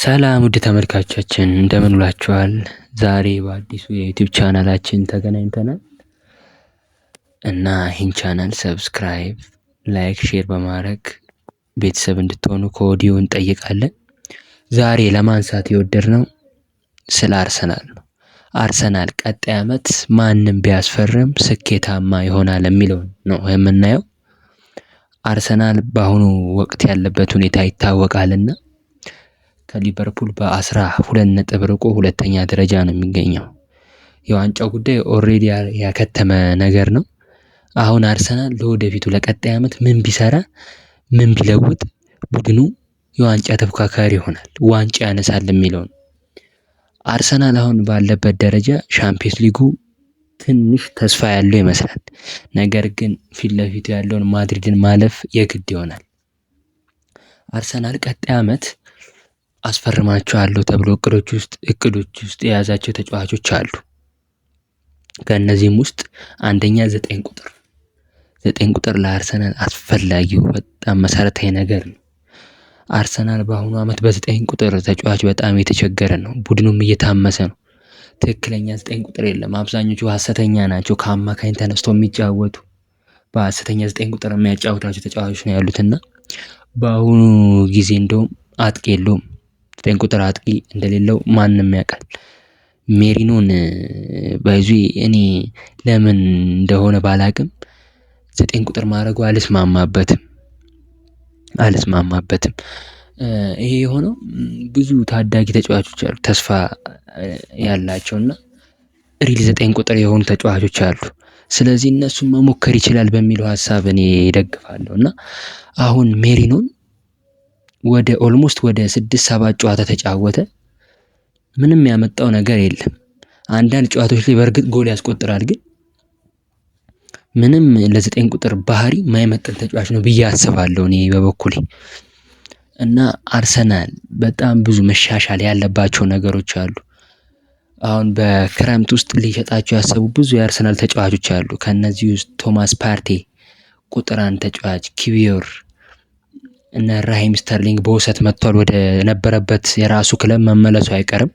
ሰላም ውድ ተመልካቾቻችን እንደምን ውላችኋል? ዛሬ በአዲሱ የዩቲዩብ ቻናላችን ተገናኝተናል እና ይህን ቻናል ሰብስክራይብ፣ ላይክ፣ ሼር በማድረግ ቤተሰብ እንድትሆኑ ከወዲሁ እንጠይቃለን። ዛሬ ለማንሳት ነው? ስለ አርሰናል ነው። አርሰናል ቀጣይ ዓመት ማንም ቢያስፈርም ስኬታማ ይሆናል የሚለውን ነው የምናየው። አርሰናል በአሁኑ ወቅት ያለበት ሁኔታ ይታወቃልና ከሊቨርፑል በአስራ ሁለት ነጥብ ርቆ ሁለተኛ ደረጃ ነው የሚገኘው። የዋንጫው ጉዳይ ኦሬዲ ያከተመ ነገር ነው። አሁን አርሰናል ለወደፊቱ ለቀጣይ ዓመት ምን ቢሰራ ምን ቢለውጥ ቡድኑ የዋንጫ ተፎካካሪ ይሆናል፣ ዋንጫ ያነሳል የሚለው ነው። አርሰናል አሁን ባለበት ደረጃ ሻምፒዮንስ ሊጉ ትንሽ ተስፋ ያለው ይመስላል። ነገር ግን ፊት ለፊቱ ያለውን ማድሪድን ማለፍ የግድ ይሆናል። አርሰናል ቀጣይ ዓመት አስፈርማቸዋለሁ ተብሎ እቅዶች ውስጥ እቅዶች ውስጥ የያዛቸው ተጫዋቾች አሉ። ከእነዚህም ውስጥ አንደኛ ዘጠኝ ቁጥር ዘጠኝ ቁጥር ለአርሰናል አስፈላጊው በጣም መሰረታዊ ነገር ነው። አርሰናል በአሁኑ ዓመት በዘጠኝ ቁጥር ተጫዋች በጣም የተቸገረ ነው። ቡድኑም እየታመሰ ነው። ትክክለኛ ዘጠኝ ቁጥር የለም። አብዛኞቹ ሀሰተኛ ናቸው። ከአማካኝ ተነስቶ የሚጫወቱ በሀሰተኛ ዘጠኝ ቁጥር የሚያጫወታቸው ተጫዋቾች ነው ያሉትና በአሁኑ ጊዜ እንደውም አጥቂ የለውም። ዘጠኝ ቁጥር አጥቂ እንደሌለው ማንም ያውቃል። ሜሪኖን ባይዙ እኔ ለምን እንደሆነ ባላቅም ዘጠኝ ቁጥር ማድረጉ አልስማማበትም አልስማማበትም። ይሄ የሆነው ብዙ ታዳጊ ተጫዋቾች አሉ ተስፋ ያላቸውና ሪል ዘጠኝ ቁጥር የሆኑ ተጫዋቾች አሉ። ስለዚህ እነሱን መሞከር ይችላል በሚለው ሀሳብ እኔ ደግፋለሁ እና አሁን ሜሪኖን ወደ ኦልሞስት ወደ ስድስት ሰባት ጨዋታ ተጫወተ። ምንም ያመጣው ነገር የለም። አንዳንድ ጨዋታዎች ላይ በእርግጥ ጎል ያስቆጥራል፣ ግን ምንም ለዘጠኝ ቁጥር ባህሪ ማይመጠን ተጫዋች ነው ብዬ አስባለሁ እኔ በበኩሌ እና አርሰናል በጣም ብዙ መሻሻል ያለባቸው ነገሮች አሉ። አሁን በክረምት ውስጥ ሊሸጣቸው ያሰቡ ብዙ የአርሰናል ተጫዋቾች አሉ። ከእነዚህ ውስጥ ቶማስ ፓርቴ ቁጥር አንድ ተጫዋች፣ ኪቢዮር እነ ራሂም ስተርሊንግ በውሰት መጥቷል። ወደ ነበረበት የራሱ ክለብ መመለሱ አይቀርም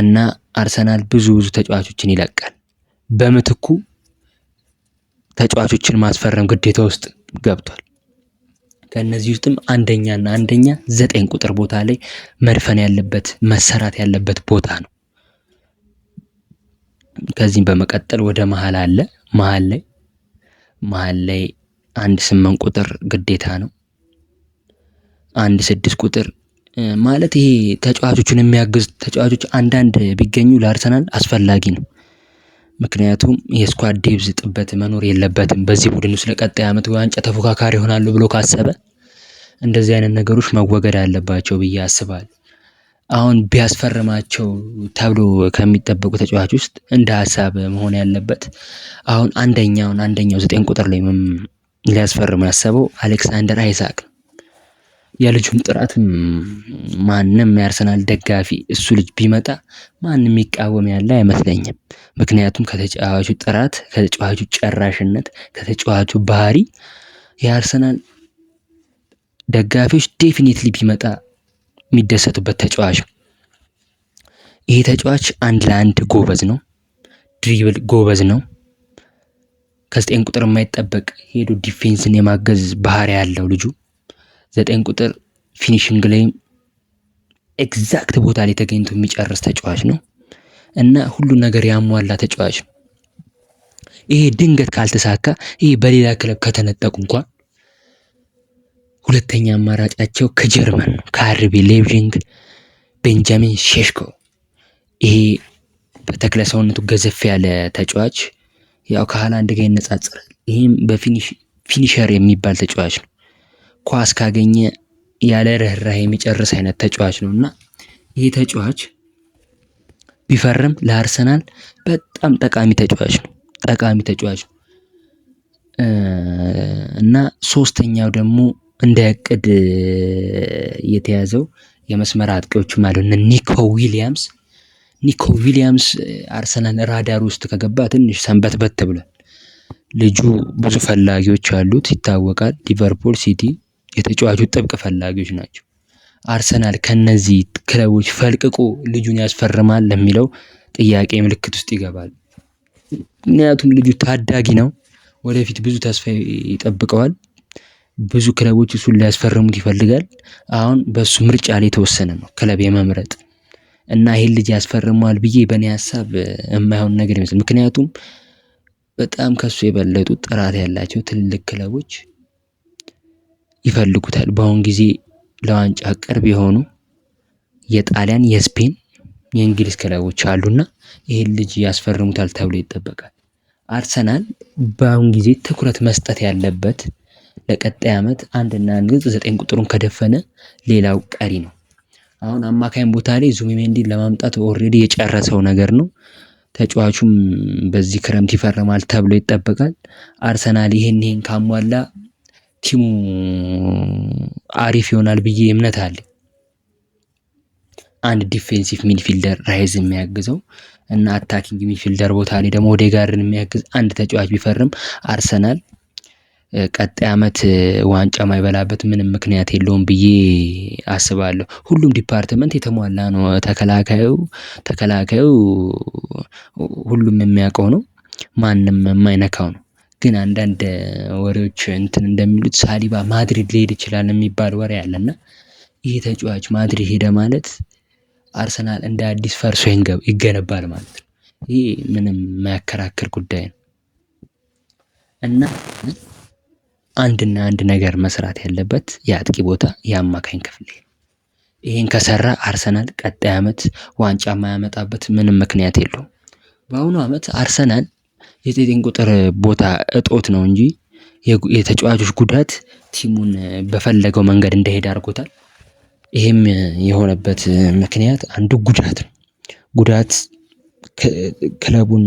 እና አርሰናል ብዙ ብዙ ተጫዋቾችን ይለቃል። በምትኩ ተጫዋቾችን ማስፈረም ግዴታ ውስጥ ገብቷል። ከእነዚህ ውስጥም አንደኛና አንደኛ ዘጠኝ ቁጥር ቦታ ላይ መድፈን ያለበት መሰራት ያለበት ቦታ ነው። ከዚህም በመቀጠል ወደ መሀል አለ መሀል ላይ መሀል ላይ አንድ ስምንት ቁጥር ግዴታ ነው። አንድ ስድስት ቁጥር ማለት ይሄ ተጫዋቾቹን የሚያግዝ ተጫዋቾች አንዳንድ ቢገኙ ለአርሰናል አስፈላጊ ነው። ምክንያቱም የስኳድ ዴብዝ ጥበት መኖር የለበትም። በዚህ ቡድን ውስጥ ለቀጣይ ዓመት ዋንጫ ተፎካካሪ ይሆናሉ ብሎ ካሰበ እንደዚህ አይነት ነገሮች መወገድ አለባቸው ብዬ አስባል። አሁን ቢያስፈርማቸው ተብሎ ከሚጠበቁ ተጫዋች ውስጥ እንደ ሀሳብ መሆን ያለበት አሁን አንደኛውን አንደኛው ዘጠኝ ቁጥር ላይ ሊያስፈርሙ ያሰበው አሌክሳንደር አይሳቅ ነው። የልጁን ጥራት ማንም የአርሰናል ደጋፊ እሱ ልጅ ቢመጣ ማንም የሚቃወም ያለ አይመስለኝም። ምክንያቱም ከተጫዋቹ ጥራት፣ ከተጫዋቹ ጨራሽነት፣ ከተጫዋቹ ባህሪ የአርሰናል ደጋፊዎች ዴፊኒትሊ ቢመጣ የሚደሰቱበት ተጫዋች ይሄ ይህ ተጫዋች አንድ ለአንድ ጎበዝ ነው። ድሪብል ጎበዝ ነው። ከዘጠኝ ቁጥር የማይጠበቅ ሄዶ ዲፌንስን የማገዝ ባህሪ ያለው ልጁ ዘጠኝ ቁጥር ፊኒሽንግ ላይም ኤግዛክት ቦታ ላይ ተገኝቶ የሚጨርስ ተጫዋች ነው እና ሁሉ ነገር ያሟላ ተጫዋች ነው። ይሄ ድንገት ካልተሳካ፣ ይሄ በሌላ ክለብ ከተነጠቁ እንኳን ሁለተኛ አማራጫቸው ከጀርመን ነው፣ ከአርቢ ሌቪንግ ቤንጃሚን ሼሽኮ። ይሄ በተክለ ሰውነቱ ገዘፍ ያለ ተጫዋች ያው ከሃላንድ ጋር ይነጻጸራል። ይህም በፊኒሸር የሚባል ተጫዋች ነው። ኳስ ካገኘ ያለ ርኅራህ የሚጨርስ አይነት ተጫዋች ነው እና ይህ ተጫዋች ቢፈርም ለአርሰናል በጣም ጠቃሚ ተጫዋች ነው። ጠቃሚ ተጫዋች ነው እና ሶስተኛው ደግሞ እንደ እቅድ የተያዘው የመስመር አጥቂዎቹ ማለት ነው ኒኮ ዊሊያምስ ኒኮ ዊሊያምስ አርሰናል ራዳር ውስጥ ከገባ ትንሽ ሰንበት በት ብሏል። ልጁ ብዙ ፈላጊዎች አሉት ይታወቃል። ሊቨርፑል፣ ሲቲ የተጫዋቹ ጥብቅ ፈላጊዎች ናቸው። አርሰናል ከነዚህ ክለቦች ፈልቅቆ ልጁን ያስፈርማል ለሚለው ጥያቄ ምልክት ውስጥ ይገባል። ምክንያቱም ልጁ ታዳጊ ነው፣ ወደፊት ብዙ ተስፋ ይጠብቀዋል። ብዙ ክለቦች እሱን ሊያስፈርሙት ይፈልጋል። አሁን በእሱ ምርጫ ላይ የተወሰነ ነው ክለብ የመምረጥ እና ይህን ልጅ ያስፈርመዋል ብዬ በእኔ ሀሳብ የማይሆን ነገር ይመስል ምክንያቱም በጣም ከሱ የበለጡ ጥራት ያላቸው ትልልቅ ክለቦች ይፈልጉታል። በአሁን ጊዜ ለዋንጫ ቅርብ የሆኑ የጣሊያን፣ የስፔን፣ የእንግሊዝ ክለቦች አሉና ይህን ልጅ ያስፈርሙታል ተብሎ ይጠበቃል። አርሰናል በአሁን ጊዜ ትኩረት መስጠት ያለበት ለቀጣይ ዓመት አንድና አንድ ግጽ ዘጠኝ ቁጥሩን ከደፈነ ሌላው ቀሪ ነው። አሁን አማካኝ ቦታ ላይ ዙቢሜንዲን ለማምጣት ኦልሬዲ የጨረሰው ነገር ነው። ተጫዋቹም በዚህ ክረምት ይፈርማል ተብሎ ይጠበቃል። አርሰናል ይህን ይህን ካሟላ ቲሙ አሪፍ ይሆናል ብዬ እምነት አለ አንድ ዲፌንሲቭ ሚድፊልደር ራይዝ የሚያግዘው እና አታኪንግ ሚድፊልደር ቦታ ላይ ደግሞ ኦዴጋርድን የሚያግዝ አንድ ተጫዋች ቢፈርም አርሰናል ቀጣይ ዓመት ዋንጫ ማይበላበት ምንም ምክንያት የለውም ብዬ አስባለሁ። ሁሉም ዲፓርትመንት የተሟላ ነው። ተከላካዩ ተከላካዩ ሁሉም የሚያውቀው ነው። ማንም የማይነካው ነው። ግን አንዳንድ ወሬዎች እንትን እንደሚሉት ሳሊባ ማድሪድ ሊሄድ ይችላል የሚባል ወሬ አለ እና ይሄ ተጫዋች ማድሪድ ሄደ ማለት አርሰናል እንደ አዲስ ፈርሶ ይገነባል ማለት ነው። ይህ ምንም የማያከራክር ጉዳይ ነው እና አንድና አንድ ነገር መስራት ያለበት የአጥቂ ቦታ የአማካኝ ክፍል ይህን ከሰራ አርሰናል ቀጣይ ዓመት ዋንጫ የማያመጣበት ምንም ምክንያት የለውም። በአሁኑ ዓመት አርሰናል የዘጠኝ ቁጥር ቦታ እጦት ነው እንጂ የተጫዋቾች ጉዳት ቲሙን በፈለገው መንገድ እንዳይሄድ አድርጎታል። ይህም የሆነበት ምክንያት አንዱ ጉዳት ነው። ጉዳት ክለቡን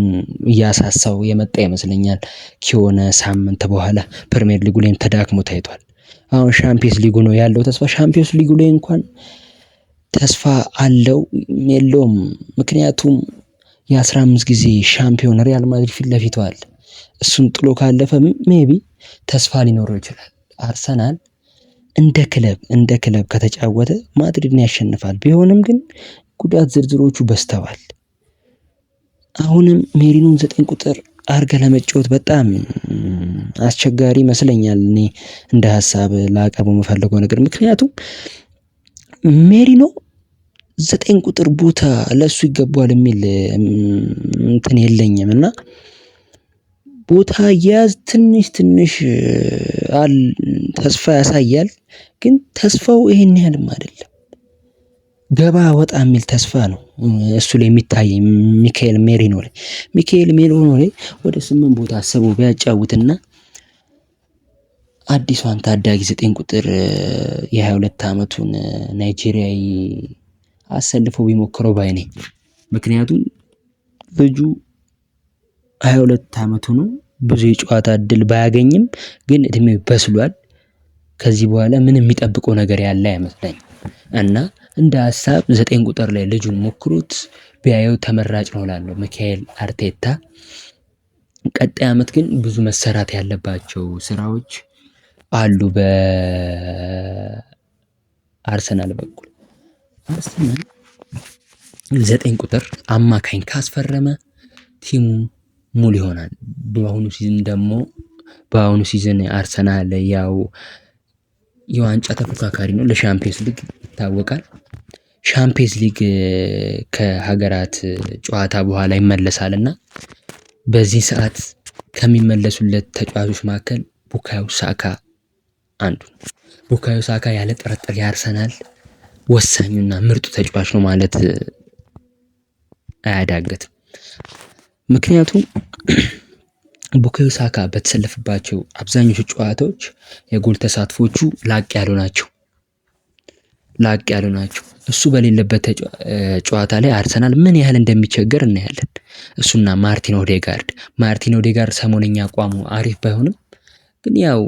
እያሳሳው የመጣ ይመስለኛል። ከሆነ ሳምንት በኋላ ፕሪሚየር ሊጉ ላይም ተዳክሞ ታይቷል። አሁን ሻምፒዮንስ ሊጉ ነው ያለው ተስፋ ሻምፒዮንስ ሊጉ ላይ እንኳን ተስፋ አለው የለውም ምክንያቱም የአስራ አምስት ጊዜ ሻምፒዮን ሪያል ማድሪድ ፊት ለፊቱ አለ። እሱን ጥሎ ካለፈ ሜቢ ተስፋ ሊኖረው ይችላል። አርሰናል እንደ ክለብ እንደ ክለብ ከተጫወተ ማድሪድን ያሸንፋል። ቢሆንም ግን ጉዳት ዝርዝሮቹ በስተዋል። አሁንም ሜሪኖን ዘጠኝ ቁጥር አርገ ለመጫወት በጣም አስቸጋሪ ይመስለኛል። እኔ እንደ ሀሳብ ላቀርበው የምፈልገው ነገር ምክንያቱም ሜሪኖ ዘጠኝ ቁጥር ቦታ ለሱ ይገባዋል የሚል እንትን የለኝም። እና ቦታ አያያዝ ትንሽ ትንሽ ተስፋ ያሳያል ግን ተስፋው ይሄን ያህልም አይደለም። ገባ ወጣ የሚል ተስፋ ነው እሱ ላይ የሚታይ ሚካኤል ሜሪኖ ላይ ሚካኤል ሜሪኖ ላይ ወደ ስምንት ቦታ አስቦ ቢያጫውትና አዲሷን ታዳጊ ዘጠኝ ቁጥር የ ሁለት አመቱን ናይጄሪያዊ አሰልፎ ቢሞክረው ባይ ነኝ። ምክንያቱም ልጁ ሀያ ሁለት ዓመቱ ነው። ብዙ የጨዋታ እድል ባያገኝም ግን እድሜ በስሏል። ከዚህ በኋላ ምን የሚጠብቀው ነገር ያለ አይመስለኝ እና እንደ ሀሳብ ዘጠኝ ቁጥር ላይ ልጁን ሞክሩት ቢያየው ተመራጭ ነው ላለው ሚካኤል አርቴታ ቀጣይ አመት ግን ብዙ መሰራት ያለባቸው ስራዎች አሉ በአርሰናል በኩል ዘጠኝ ቁጥር አማካኝ ካስፈረመ ቲሙ ሙሉ ይሆናል። በአሁኑ ሲዝን ደግሞ በአሁኑ ሲዝን አርሰናል ያው የዋንጫ ተፎካካሪ ነው፣ ለሻምፒንስ ሊግ ይታወቃል። ሻምፒዮንስ ሊግ ከሀገራት ጨዋታ በኋላ ይመለሳል እና በዚህ ሰዓት ከሚመለሱለት ተጫዋቾች መካከል ቡካዮ ሳካ አንዱ ነው። ቡካዮ ሳካ ያለ ጥርጥር ያርሰናል ወሳኙና ምርጡ ተጫዋች ነው ማለት አያዳግትም። ምክንያቱም ቡካዮ ሳካ በተሰለፈባቸው አብዛኞቹ ጨዋታዎች የጎል ተሳትፎቹ ላቅ ያሉ ናቸው ላቅ ያሉ ናቸው። እሱ በሌለበት ጨዋታ ላይ አርሰናል ምን ያህል እንደሚቸገር እናያለን። እሱና ማርቲን ኦዴጋርድ ማርቲን ኦዴጋርድ ሰሞነኛ አቋሙ አሪፍ ባይሆንም ግን ያው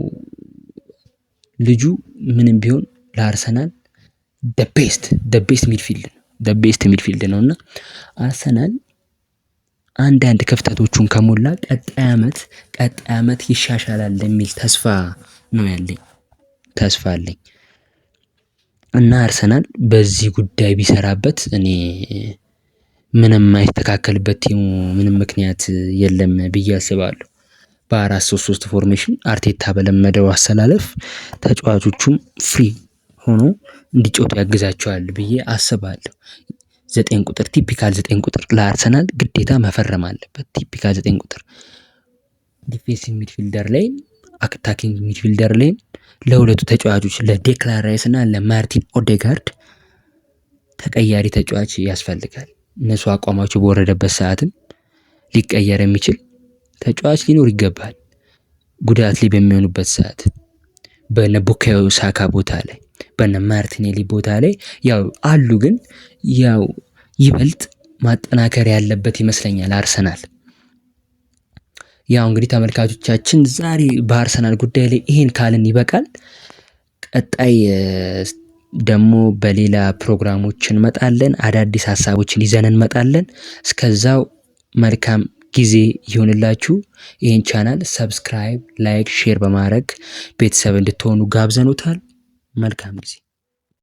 ልጁ ምንም ቢሆን ለአርሰናል ቤስት ቤስት ሚድፊልድ ነው ቤስት ሚድፊልድ ነው እና አርሰናል አንዳንድ ክፍተቶቹን ከሞላ ቀጣይ ዓመት ቀጣይ ዓመት ይሻሻላል የሚል ተስፋ ነው ያለኝ ተስፋ አለኝ እና አርሰናል በዚህ ጉዳይ ቢሰራበት እኔ ምንም ማይስተካከልበት ቲሙ ምንም ምክንያት የለም ብዬ አስባለሁ። በአራት ሶስት ሶስት ፎርሜሽን አርቴታ በለመደው አሰላለፍ ተጫዋቾቹም ፍሪ ሆኖ እንዲጫወቱ ያግዛቸዋል ብዬ አስባለሁ። ዘጠኝ ቁጥር ቲፒካል ዘጠኝ ቁጥር ለአርሰናል ግዴታ መፈረም አለበት። ቲፒካል ዘጠኝ ቁጥር ዲፌንሲቭ ሚድፊልደር ላይ አታኪንግ ሚድፊልደር ላይ ለሁለቱ ተጫዋቾች ለዴክላን ራይስ እና ለማርቲን ኦዴጋርድ ተቀያሪ ተጫዋች ያስፈልጋል። እነሱ አቋማቸው በወረደበት ሰዓትም ሊቀየር የሚችል ተጫዋች ሊኖር ይገባል። ጉዳት ላይ በሚሆኑበት ሰዓት በነ ቡካዮ ሳካ ቦታ ላይ በነ ማርቲኔሊ ቦታ ላይ ያው አሉ፣ ግን ያው ይበልጥ ማጠናከር ያለበት ይመስለኛል አርሰናል። ያው እንግዲህ ተመልካቾቻችን ዛሬ በአርሰናል ጉዳይ ላይ ይሄን ካልን ይበቃል። ቀጣይ ደግሞ በሌላ ፕሮግራሞች እንመጣለን። አዳዲስ ሀሳቦችን ይዘን እንመጣለን። እስከዛው መልካም ጊዜ ይሁንላችሁ። ይህን ቻናል ሰብስክራይብ፣ ላይክ፣ ሼር በማድረግ ቤተሰብ እንድትሆኑ ጋብዘኑታል። መልካም ጊዜ